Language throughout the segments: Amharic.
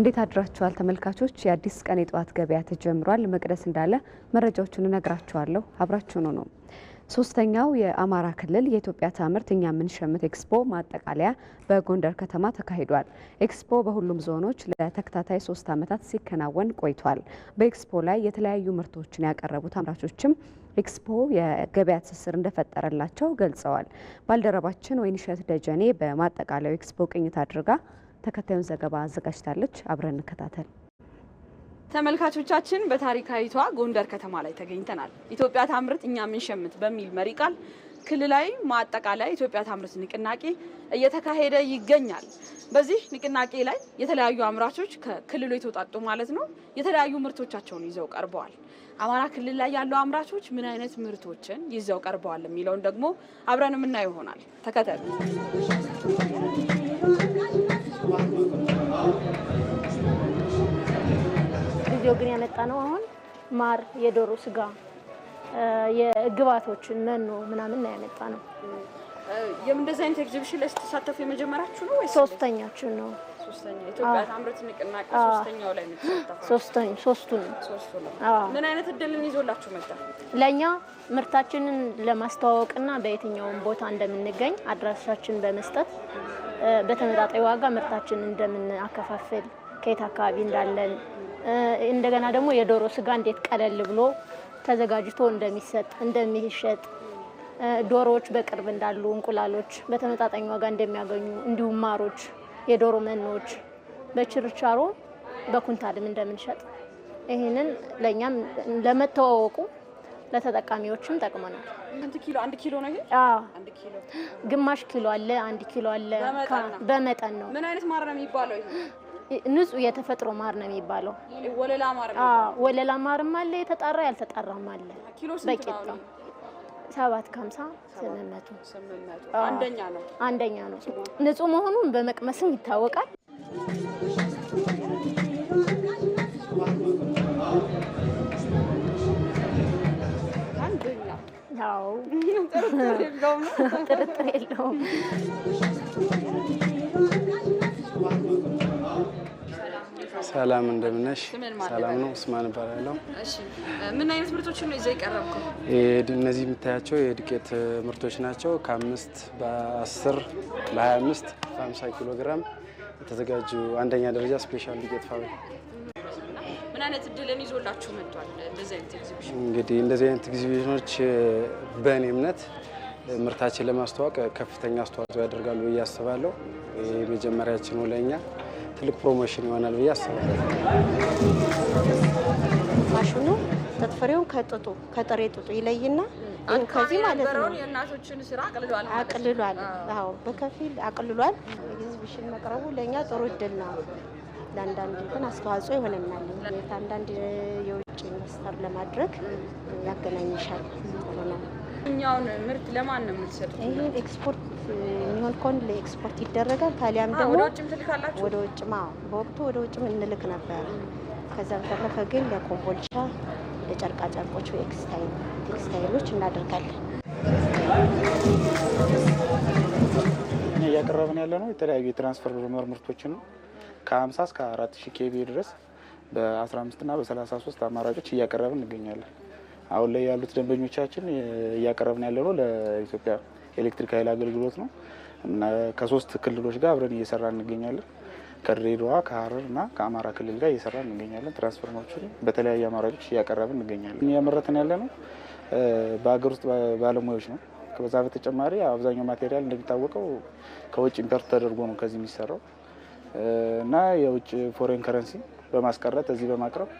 እንዴት አድራችኋል ተመልካቾች? የአዲስ ቀን የጠዋት ገበያ ተጀምሯል። መቅደስ እንዳለ መረጃዎቹን እነግራችኋለሁ። አብራችሁኑ ነው። ሶስተኛው የአማራ ክልል የኢትዮጵያ ታምርት እኛ የምንሸምት ኤክስፖ ማጠቃለያ በጎንደር ከተማ ተካሂዷል። ኤክስፖ በሁሉም ዞኖች ለተከታታይ ሶስት ዓመታት ሲከናወን ቆይቷል። በኤክስፖ ላይ የተለያዩ ምርቶችን ያቀረቡት አምራቾችም ኤክስፖ የገበያ ትስስር እንደፈጠረላቸው ገልጸዋል። ባልደረባችን ወይንሸት ደጀኔ በማጠቃለያው ኤክስፖ ቅኝት አድርጋ ተከታዩን ዘገባ አዘጋጅታለች። አብረን እንከታተል። ተመልካቾቻችን በታሪካዊቷ ጎንደር ከተማ ላይ ተገኝተናል። ኢትዮጵያ ታምርት እኛ ምንሸምት በሚል መሪ ቃል ክልላዊ ማጠቃለያ ኢትዮጵያ ታምርት ንቅናቄ እየተካሄደ ይገኛል። በዚህ ንቅናቄ ላይ የተለያዩ አምራቾች ከክልሉ የተውጣጡ ማለት ነው የተለያዩ ምርቶቻቸውን ይዘው ቀርበዋል። አማራ ክልል ላይ ያሉ አምራቾች ምን አይነት ምርቶችን ይዘው ቀርበዋል የሚለውን ደግሞ አብረን የምናየው ይሆናል። ተከተሉ። ጊዜው ግን ያመጣ ነው። አሁን ማር፣ የዶሮ ስጋ፣ የግብአቶችን መኖ ምናምን ነው ያመጣ ነው። የምንደዚህ አይነት ኤግዚቢሽን ላይ ስትሳተፉ የመጀመሪያችሁ ነው ወይስ ሶስተኛችሁ ነው? ምን አይነት እድልን ይዞላችሁ መጣ? ለእኛ ምርታችንን ለማስተዋወቅና በየትኛውም ቦታ እንደምንገኝ አድራሻችን በመስጠት በተመጣጣኝ ዋጋ ምርታችን እንደምናከፋፍል ከየት አካባቢ እንዳለን እንደገና ደግሞ የዶሮ ስጋ እንዴት ቀለል ብሎ ተዘጋጅቶ እንደሚሰጥ እንደሚሸጥ ዶሮዎች በቅርብ እንዳሉ እንቁላሎች በተመጣጣኝ ዋጋ እንደሚያገኙ እንዲሁም ማሮች፣ የዶሮ መኖች በችርቻሮ በኩንታልም እንደምንሸጥ ይህንን ለእኛም ለመተዋወቁ ለተጠቃሚዎችም ጠቅመናል። አንድ ኪሎ አንድ ኪሎ ነው ይሄ? አዎ አንድ ኪሎ ግማሽ ኪሎ አለ፣ አንድ ኪሎ አለ። በመጠን ነው። ምን አይነት ማር ነው የሚባለው ይሄ? ንጹህ የተፈጥሮ ማር ነው የሚባለው። ወለላ ማር ነው። አዎ ወለላ ማርም አለ፣ የተጣራ ያልተጣራም አለ። ኪሎ ስንት ነው? ሰባት ከሀምሳ ስምንቱ አንደኛ ነው። አንደኛ ነው። ንጹህ መሆኑን በመቅመስም ይታወቃል። ጥርጥር የለውም። ሰላም እንደምነሽ? ሰላም ነው። ኡስማን እባላለሁ። ምን አይነት ምርቶችን ነው ይዘህ የቀረብከው? እነዚህ የምታያቸው የዱቄት ምርቶች ናቸው። ከአምስት በአስር በሀያ አምስት በሀምሳ ኪሎ ግራም የተዘጋጁ አንደኛ ደረጃ ስፔሻል ዱቄት ፋብሪካ ምን አይነት እድልን ይዞላችሁ መጥቷል? እንደዚህ አይነት ኤግዚቢሽን እንግዲህ እንደዚህ አይነት ኤግዚቢሽኖች በእኔ እምነት ምርታችን ለማስተዋወቅ ከፍተኛ አስተዋጽኦ ያደርጋሉ ብዬ አስባለሁ። የመጀመሪያችን ለእኛ ትልቅ ፕሮሞሽን ይሆናል ብዬ አስባለሁ። ማሽኑ ተጥፍሬውን ከጥጡ ከጥሬ ጥጡ ይለይና ከዚህ ማለት ነው የእናቶችን ስራ አቅልሏል አቅልሏል። አዎ በከፊል አቅልሏል። ኤግዚቢሽን መቅረቡ ለእኛ ጥሩ እድል ነው። ለአንዳንድ እንትን አስተዋጽኦ ይሆነናል። አንዳንድ የውጭ ኢንቨስተር ለማድረግ ያገናኝሻል። እኛውን ምርት ለማን ነው የምትሰጡት? ይሄ ኤክስፖርት የሚሆን ከሆነ ለኤክስፖርት ይደረጋል። ታሊያም ደግሞ ወደ ውጭም ትልካላችሁ? ወደ ውጭም በወቅቱ ወደ ውጭም እንልክ ነበር። ከዛ በተረፈ ግን ለኮምቦልቻ ለጨርቃ ጨርቆች ቴክስታይሎች እናደርጋለን። እያቀረብን ያለ ነው የተለያዩ የትራንስፈር ምርቶችን ነው ከ50 እስከ 4000 ኬቪ ድረስ በ15 እና በ33 አማራጮች እያቀረብን እንገኛለን። አሁን ላይ ያሉት ደንበኞቻችን እያቀረብን ያለ ነው ለኢትዮጵያ ኤሌክትሪክ ኃይል አገልግሎት ነው። ከሶስት ክልሎች ጋር አብረን እየሰራ እንገኛለን። ከድሬዳዋ ከሀረር እና ከአማራ ክልል ጋር እየሰራ እንገኛለን። ትራንስፎርመሮችን በተለያዩ አማራጮች እያቀረብን እንገኛለን። እያመረትን ያለ ነው በሀገር ውስጥ ባለሙያዎች ነው። ከበዛ በተጨማሪ አብዛኛው ማቴሪያል እንደሚታወቀው ከውጭ ኢምፖርት ተደርጎ ነው ከዚህ የሚሰራው። እና የውጭ ፎሬን ከረንሲ በማስቀረት እዚህ በማቅረብ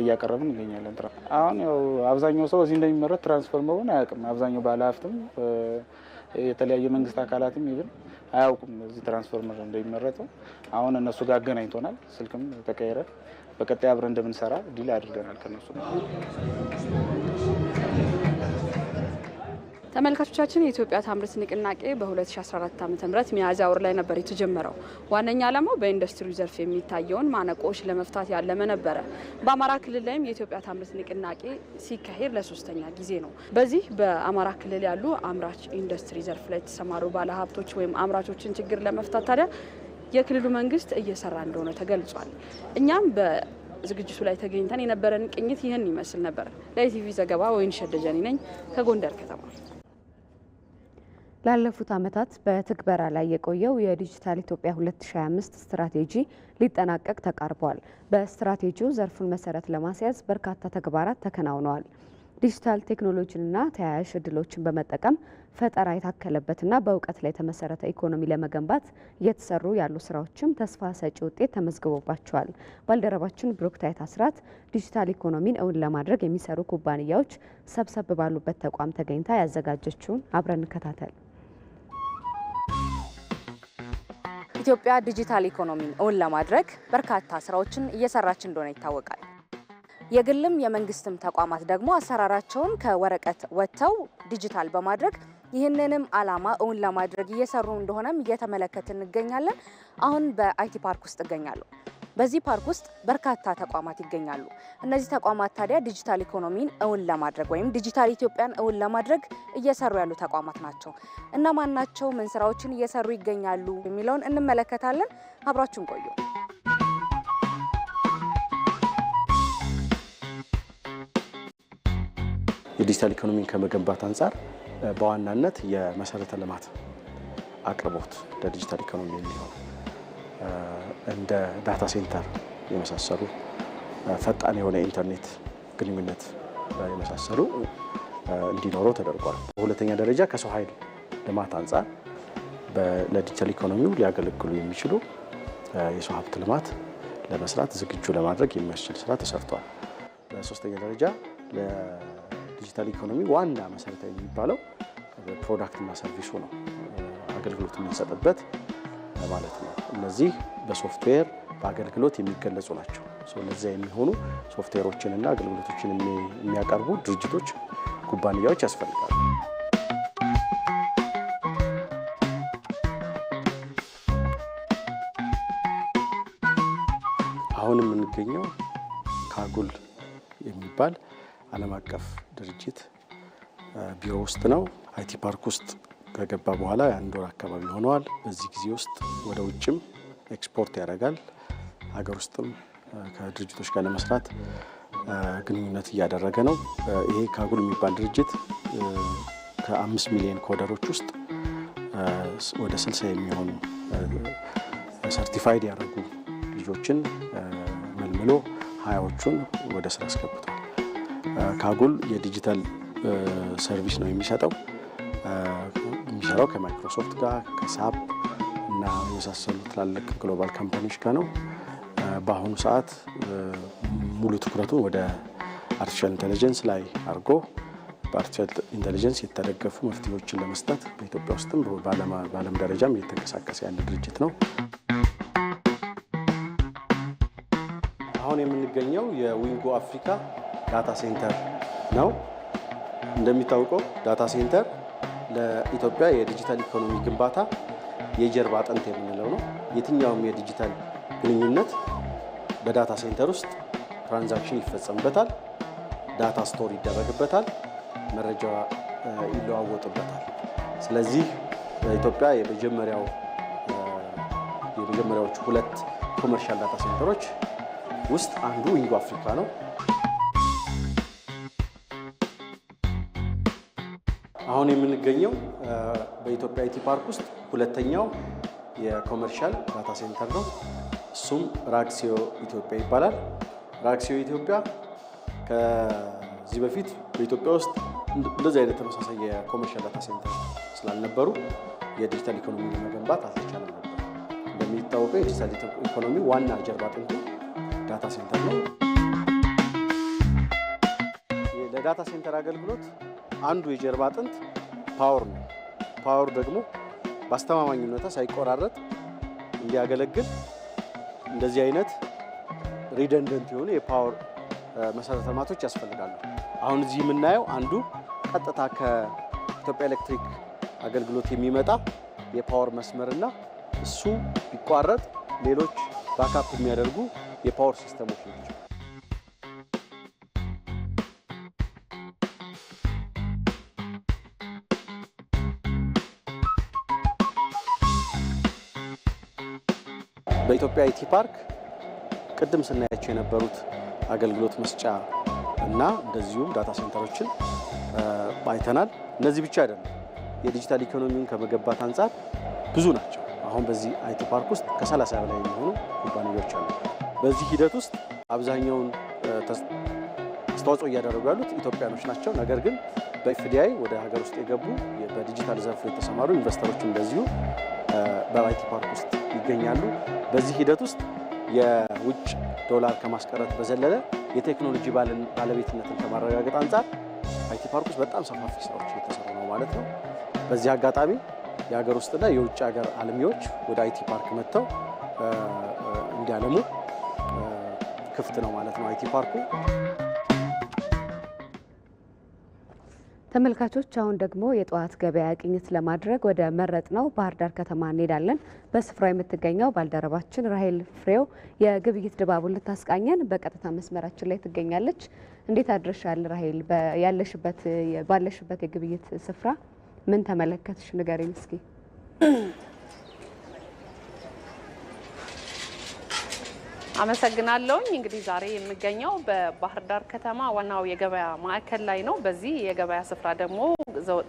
እያቀረብን እንገኛለን። አሁን ያው አብዛኛው ሰው እዚህ እንደሚመረት ትራንስፎርመሩን አያውቅም። አብዛኛው ባለሀብትም የተለያዩ መንግስት አካላትም ይብን አያውቁም እዚህ ትራንስፎርመር እንደሚመረተው። አሁን እነሱ ጋር አገናኝቶናል፣ ስልክም ተቀይረ በቀጣይ አብረን እንደምንሰራ ዲል አድርገናል ከነሱ ተመልካቾቻችን የኢትዮጵያ ታምርት ንቅናቄ በ2014 ም ሚያዝያ ወር ላይ ነበር የተጀመረው። ዋነኛ ዓላማው በኢንዱስትሪው ዘርፍ የሚታየውን ማነቆዎች ለመፍታት ያለመ ነበረ። በአማራ ክልል ላይም የኢትዮጵያ ታምርት ንቅናቄ ሲካሄድ ለሶስተኛ ጊዜ ነው። በዚህ በአማራ ክልል ያሉ አምራች ኢንዱስትሪ ዘርፍ ላይ የተሰማሩ ባለሀብቶች ወይም አምራቾችን ችግር ለመፍታት ታዲያ የክልሉ መንግስት እየሰራ እንደሆነ ተገልጿል። እኛም በዝግጅቱ ላይ ተገኝተን የነበረን ቅኝት ይህን ይመስል ነበር። ለኢቲቪ ዘገባ ወይን ሸደጀኒ ነኝ ከጎንደር ከተማ ላለፉት ዓመታት በትግበራ ላይ የቆየው የዲጂታል ኢትዮጵያ 2025 ስትራቴጂ ሊጠናቀቅ ተቃርቧል። በስትራቴጂው ዘርፉን መሰረት ለማስያዝ በርካታ ተግባራት ተከናውነዋል። ዲጂታል ቴክኖሎጂንና ተያያዥ እድሎችን በመጠቀም ፈጠራ የታከለበትና በእውቀት ላይ የተመሰረተ ኢኮኖሚ ለመገንባት እየተሰሩ ያሉ ስራዎችም ተስፋ ሰጪ ውጤት ተመዝግቦባቸዋል። ባልደረባችን ብሩክታይት አስራት ዲጂታል ኢኮኖሚን እውን ለማድረግ የሚሰሩ ኩባንያዎች ሰብሰብ ባሉበት ተቋም ተገኝታ ያዘጋጀችውን አብረን እንከታተል። ኢትዮጵያ ዲጂታል ኢኮኖሚን እውን ለማድረግ በርካታ ስራዎችን እየሰራች እንደሆነ ይታወቃል። የግልም የመንግስትም ተቋማት ደግሞ አሰራራቸውን ከወረቀት ወጥተው ዲጂታል በማድረግ ይህንንም አላማ እውን ለማድረግ እየሰሩ እንደሆነም እየተመለከት እንገኛለን። አሁን በአይቲ ፓርክ ውስጥ እገኛለሁ። በዚህ ፓርክ ውስጥ በርካታ ተቋማት ይገኛሉ። እነዚህ ተቋማት ታዲያ ዲጂታል ኢኮኖሚን እውን ለማድረግ ወይም ዲጂታል ኢትዮጵያን እውን ለማድረግ እየሰሩ ያሉ ተቋማት ናቸው። እነማን ናቸው? ምን ስራዎችን እየሰሩ ይገኛሉ? የሚለውን እንመለከታለን። አብራችሁን ቆዩ። የዲጂታል ኢኮኖሚን ከመገንባት አንጻር በዋናነት የመሰረተ ልማት አቅርቦት ለዲጂታል ኢኮኖሚ የሚሆን እንደ ዳታ ሴንተር የመሳሰሉ ፈጣን የሆነ ኢንተርኔት ግንኙነት የመሳሰሉ እንዲኖረው ተደርጓል። በሁለተኛ ደረጃ ከሰው ኃይል ልማት አንጻር ለዲጂታል ኢኮኖሚው ሊያገለግሉ የሚችሉ የሰው ሀብት ልማት ለመስራት ዝግጁ ለማድረግ የሚያስችል ስራ ተሰርቷል። በሶስተኛ ደረጃ ለዲጂታል ኢኮኖሚ ዋና መሰረታዊ የሚባለው ፕሮዳክትና ሰርቪሱ ነው። አገልግሎት የምንሰጥበት ማለት ነው። እነዚህ በሶፍትዌር በአገልግሎት የሚገለጹ ናቸው። ለዚያ የሚሆኑ ሶፍትዌሮችንና አገልግሎቶችን የሚያቀርቡ ድርጅቶች፣ ኩባንያዎች ያስፈልጋሉ። አሁን የምንገኘው ካጉል የሚባል ዓለም አቀፍ ድርጅት ቢሮ ውስጥ ነው። አይቲ ፓርክ ውስጥ ከገባ በኋላ የአንድ ወር አካባቢ ሆነዋል። በዚህ ጊዜ ውስጥ ወደ ውጭም ኤክስፖርት ያደርጋል። ሀገር ውስጥም ከድርጅቶች ጋር ለመስራት ግንኙነት እያደረገ ነው። ይሄ ካጉል የሚባል ድርጅት ከአምስት ሚሊዮን ኮደሮች ውስጥ ወደ ስልሳ የሚሆኑ ሰርቲፋይድ ያደረጉ ልጆችን መልምሎ ሀያዎቹን ወደ ስራ አስገብቷል። ካጉል የዲጂታል ሰርቪስ ነው የሚሰጠው። የሚሰራው ከማይክሮሶፍት ጋር ከሳፕ እና የመሳሰሉ ትላልቅ ግሎባል ካምፓኒዎች ጋር ነው። በአሁኑ ሰዓት ሙሉ ትኩረቱ ወደ አርቲፊሻል ኢንቴሊጀንስ ላይ አድርጎ በአርቲፊሻል ኢንቴሊጀንስ የተደገፉ መፍትሄዎችን ለመስጠት በኢትዮጵያ ውስጥም በዓለም ደረጃም እየተንቀሳቀሰ ያለ ድርጅት ነው። አሁን የምንገኘው የዊንጎ አፍሪካ ዳታ ሴንተር ነው። እንደሚታወቀው ዳታ ሴንተር ለኢትዮጵያ የዲጂታል ኢኮኖሚ ግንባታ የጀርባ አጥንት የምንለው ነው። የትኛውም የዲጂታል ግንኙነት በዳታ ሴንተር ውስጥ ትራንዛክሽን ይፈጸምበታል፣ ዳታ ስቶር ይደረግበታል፣ መረጃ ይለዋወጥበታል። ስለዚህ በኢትዮጵያ የመጀመሪያው የመጀመሪያዎቹ ሁለት ኮመርሻል ዳታ ሴንተሮች ውስጥ አንዱ ዊንጎ አፍሪካ ነው። አሁን የምንገኘው በኢትዮጵያ አይቲ ፓርክ ውስጥ ሁለተኛው የኮመርሻል ዳታ ሴንተር ነው። እሱም ራክሲዮ ኢትዮጵያ ይባላል። ራክሲዮ ኢትዮጵያ ከዚህ በፊት በኢትዮጵያ ውስጥ እንደዚህ አይነት ተመሳሳይ የኮመርሻል ዳታ ሴንተር ስላልነበሩ የዲጂታል ኢኮኖሚ ለመገንባት አልተቻለም ነበር። እንደሚታወቀው የዲጂታል ኢኮኖሚ ዋና ጀርባ አጥንቱ ዳታ ሴንተር ነው። ለዳታ ሴንተር አገልግሎት አንዱ የጀርባ አጥንት ፓወር ነው። ፓወር ደግሞ በአስተማማኝ ሁኔታ ሳይቆራረጥ እንዲያገለግል እንደዚህ አይነት ሪደንደንት የሆኑ የፓወር መሰረተ ልማቶች ያስፈልጋሉ። አሁን እዚህ የምናየው አንዱ ቀጥታ ከኢትዮጵያ ኤሌክትሪክ አገልግሎት የሚመጣ የፓወር መስመርና እሱ ቢቋረጥ ሌሎች ባካፕ የሚያደርጉ የፓወር ሲስተሞች ናቸው። በኢትዮጵያ አይቲ ፓርክ ቅድም ስናያቸው የነበሩት አገልግሎት መስጫ እና እንደዚሁም ዳታ ሴንተሮችን አይተናል። እነዚህ ብቻ አይደለም፣ የዲጂታል ኢኮኖሚውን ከመገንባት አንጻር ብዙ ናቸው። አሁን በዚህ አይቲ ፓርክ ውስጥ ከ30 በላይ የሚሆኑ ኩባንያዎች አሉ። በዚህ ሂደት ውስጥ አብዛኛውን አስተዋጽኦ እያደረጉ ያሉት ኢትዮጵያኖች ናቸው። ነገር ግን በኤፍዲአይ ወደ ሀገር ውስጥ የገቡ በዲጂታል ዘርፍ የተሰማሩ ኢንቨስተሮች እንደዚሁ በባይቲ ፓርክ ውስጥ ይገኛሉ። በዚህ ሂደት ውስጥ የውጭ ዶላር ከማስቀረት በዘለለ የቴክኖሎጂ ባለቤትነትን ከማረጋገጥ አንጻር ባይቲ ፓርክ ውስጥ በጣም ሰፋፊ ስራዎች እየተሰሩ ነው ማለት ነው። በዚህ አጋጣሚ የሀገር ውስጥና የውጭ ሀገር አልሚዎች ወደ አይቲ ፓርክ መጥተው እንዲያለሙ ክፍት ነው ማለት ነው አይቲ ፓርኩ። ተመልካቾች አሁን ደግሞ የጠዋት ገበያ ቅኝት ለማድረግ ወደ መረጥ ነው ባህር ዳር ከተማ እንሄዳለን። በስፍራው የምትገኘው ባልደረባችን ራሄል ፍሬው የግብይት ድባቡን ልታስቃኘን በቀጥታ መስመራችን ላይ ትገኛለች። እንዴት አድረሻል ራሄል? ባለሽበት የግብይት ስፍራ ምን ተመለከትሽ? ንገሪኝ እስኪ። አመሰግናለሁኝ። እንግዲህ ዛሬ የምገኘው በባህር ዳር ከተማ ዋናው የገበያ ማዕከል ላይ ነው። በዚህ የገበያ ስፍራ ደግሞ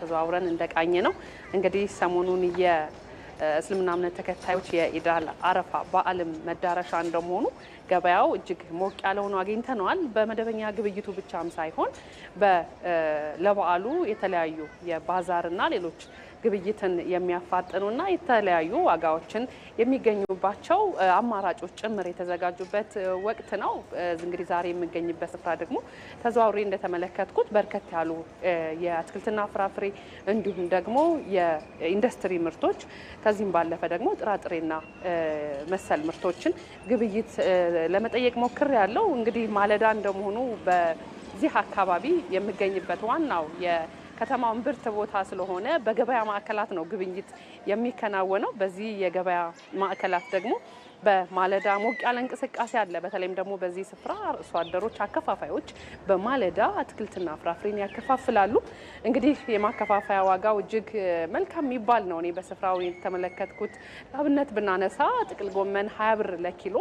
ተዘዋውረን እንደቃኘ ነው እንግዲህ ሰሞኑን የእስልምና እምነት ተከታዮች የኢዳል አረፋ በዓልም መዳረሻ እንደመሆኑ ገበያው እጅግ ሞቅ ያለ ሆኖ አግኝተነዋል። በመደበኛ ግብይቱ ብቻም ሳይሆን ለበዓሉ የተለያዩ የባዛርና ሌሎች ግብይትን የሚያፋጥኑ እና የተለያዩ ዋጋዎችን የሚገኙባቸው አማራጮች ጭምር የተዘጋጁበት ወቅት ነው። እንግዲህ ዛሬ የምገኝበት ስፍራ ደግሞ ተዘዋውሬ እንደተመለከትኩት በርከት ያሉ የአትክልትና ፍራፍሬ እንዲሁም ደግሞ የኢንዱስትሪ ምርቶች ከዚህም ባለፈ ደግሞ ጥራጥሬና መሰል ምርቶችን ግብይት ለመጠየቅ ሞክር ያለው እንግዲህ ማለዳ እንደመሆኑ በዚህ አካባቢ የምገኝበት ዋናው ከተማውን ብርት ቦታ ስለሆነ በገበያ ማዕከላት ነው ግብይት የሚከናወነው። በዚህ የገበያ ማዕከላት ደግሞ በማለዳ ሞቅ ያለ እንቅስቃሴ አለ። በተለይም ደግሞ በዚህ ስፍራ አርሶ አደሮች፣ አከፋፋዮች በማለዳ አትክልትና ፍራፍሬን ያከፋፍላሉ። እንግዲህ የማከፋፈያ ዋጋው እጅግ መልካም የሚባል ነው። እኔ በስፍራው የተመለከትኩት ለአብነት ብናነሳ ጥቅል ጎመን ሀያ ብር ለኪሎ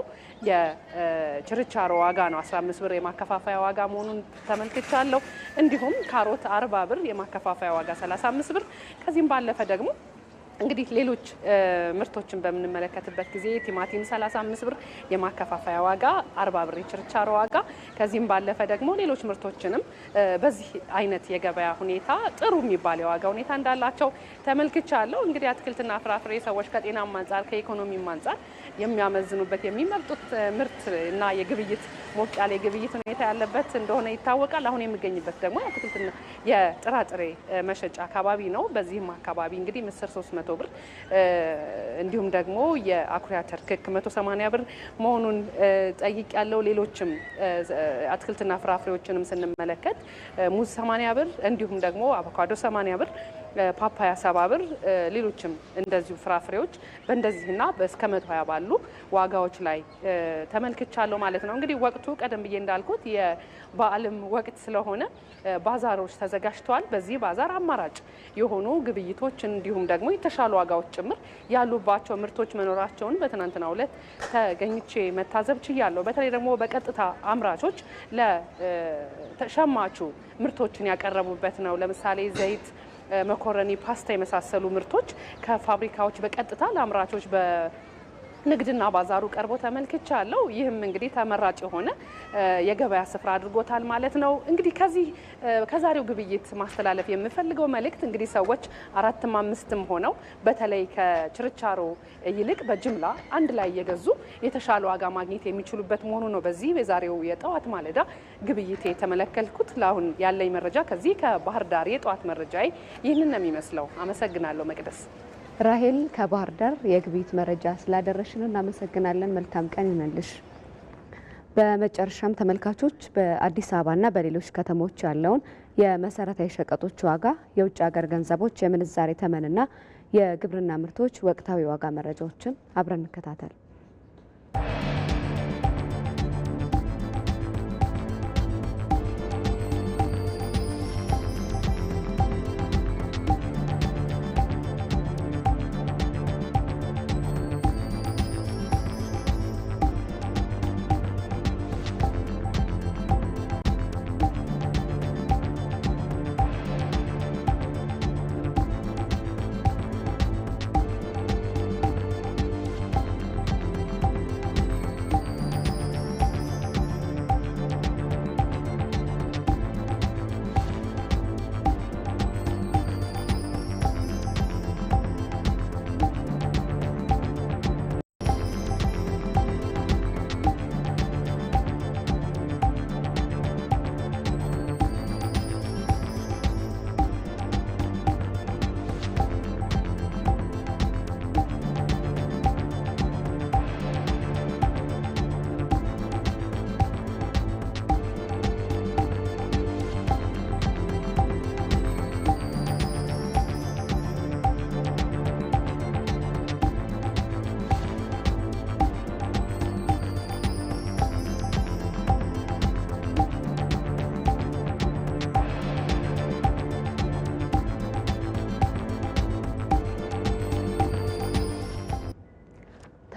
የችርቻሮ ዋጋ ነው። 15 ብር የማከፋፈያ ዋጋ መሆኑን ተመልክቻለሁ። እንዲሁም ካሮት አርባ ብር የማከፋፈያ ዋጋ 35 ብር ከዚህም ባለፈ ደግሞ እንግዲህ ሌሎች ምርቶችን በምንመለከትበት ጊዜ ቲማቲም 35 ብር፣ የማከፋፈያ ዋጋ 40 ብር የችርቻሮ ዋጋ። ከዚህም ባለፈ ደግሞ ሌሎች ምርቶችንም በዚህ አይነት የገበያ ሁኔታ ጥሩ የሚባል የዋጋ ሁኔታ እንዳላቸው ተመልክቻለሁ። እንግዲህ አትክልትና ፍራፍሬ ሰዎች ከጤናም አንጻር ከኢኮኖሚም አንጻር የሚያመዝኑበት የሚመርጡት ምርት እና የግብይት ሞቅ ያለ የግብይት ሁኔታ ያለበት እንደሆነ ይታወቃል። አሁን የሚገኝበት ደግሞ የጥራጥሬ መሸጫ አካባቢ ነው። በዚህም አካባቢ እንግዲህ ምስር 300 ብር እንዲሁም ደግሞ የአኩሪ አተር ክክ ብር መሆኑን ጠይቅ ያለው ሌሎችም አትክልትና ፍራፍሬዎችንም ስንመለከት ሙዝ 80 ብር እንዲሁም ደግሞ አቮካዶ 80 ብር ፓፓያ ሰባብር ሌሎችም እንደዚሁ ፍራፍሬዎች በእንደዚህና እስከ መቶ ሀያ ባሉ ዋጋዎች ላይ ተመልክቻለሁ ማለት ነው። እንግዲህ ወቅቱ ቀደም ብዬ እንዳልኩት የበዓልም ወቅት ስለሆነ ባዛሮች ተዘጋጅተዋል። በዚህ ባዛር አማራጭ የሆኑ ግብይቶች እንዲሁም ደግሞ የተሻሉ ዋጋዎች ጭምር ያሉባቸው ምርቶች መኖራቸውን በትናንትናው ዕለት ተገኝቼ መታዘብ ችያለሁ። በተለይ ደግሞ በቀጥታ አምራቾች ለተሸማቹ ምርቶችን ያቀረቡበት ነው። ለምሳሌ ዘይት መኮረኒ፣ ፓስታ የመሳሰሉ ምርቶች ከፋብሪካዎች በቀጥታ ለአምራቾች ንግድና ባዛሩ ቀርቦ ተመልክቻለሁ። ይህም እንግዲህ ተመራጭ የሆነ የገበያ ስፍራ አድርጎታል ማለት ነው። እንግዲህ ከዚህ ከዛሬው ግብይት ማስተላለፍ የምፈልገው መልእክት እንግዲህ ሰዎች አራትም አምስትም ሆነው በተለይ ከችርቻሮ ይልቅ በጅምላ አንድ ላይ እየገዙ የተሻለ ዋጋ ማግኘት የሚችሉበት መሆኑ ነው። በዚህ የዛሬው የጠዋት ማለዳ ግብይት የተመለከልኩት። ለአሁን ያለኝ መረጃ ከዚህ ከባህር ዳር የጠዋት መረጃ ይህንን ነው የሚመስለው። አመሰግናለሁ መቅደስ። ራሄል ከባህር ዳር የግብይት መረጃ ስላደረሽን እናመሰግናለን። መልካም ቀን ይሆንልሽ። በመጨረሻም ተመልካቾች በአዲስ አበባና በሌሎች ከተሞች ያለውን የመሰረታዊ ሸቀጦች ዋጋ፣ የውጭ ሀገር ገንዘቦች የምንዛሬ ተመንና የግብርና ምርቶች ወቅታዊ ዋጋ መረጃዎችን አብረን እንከታተል።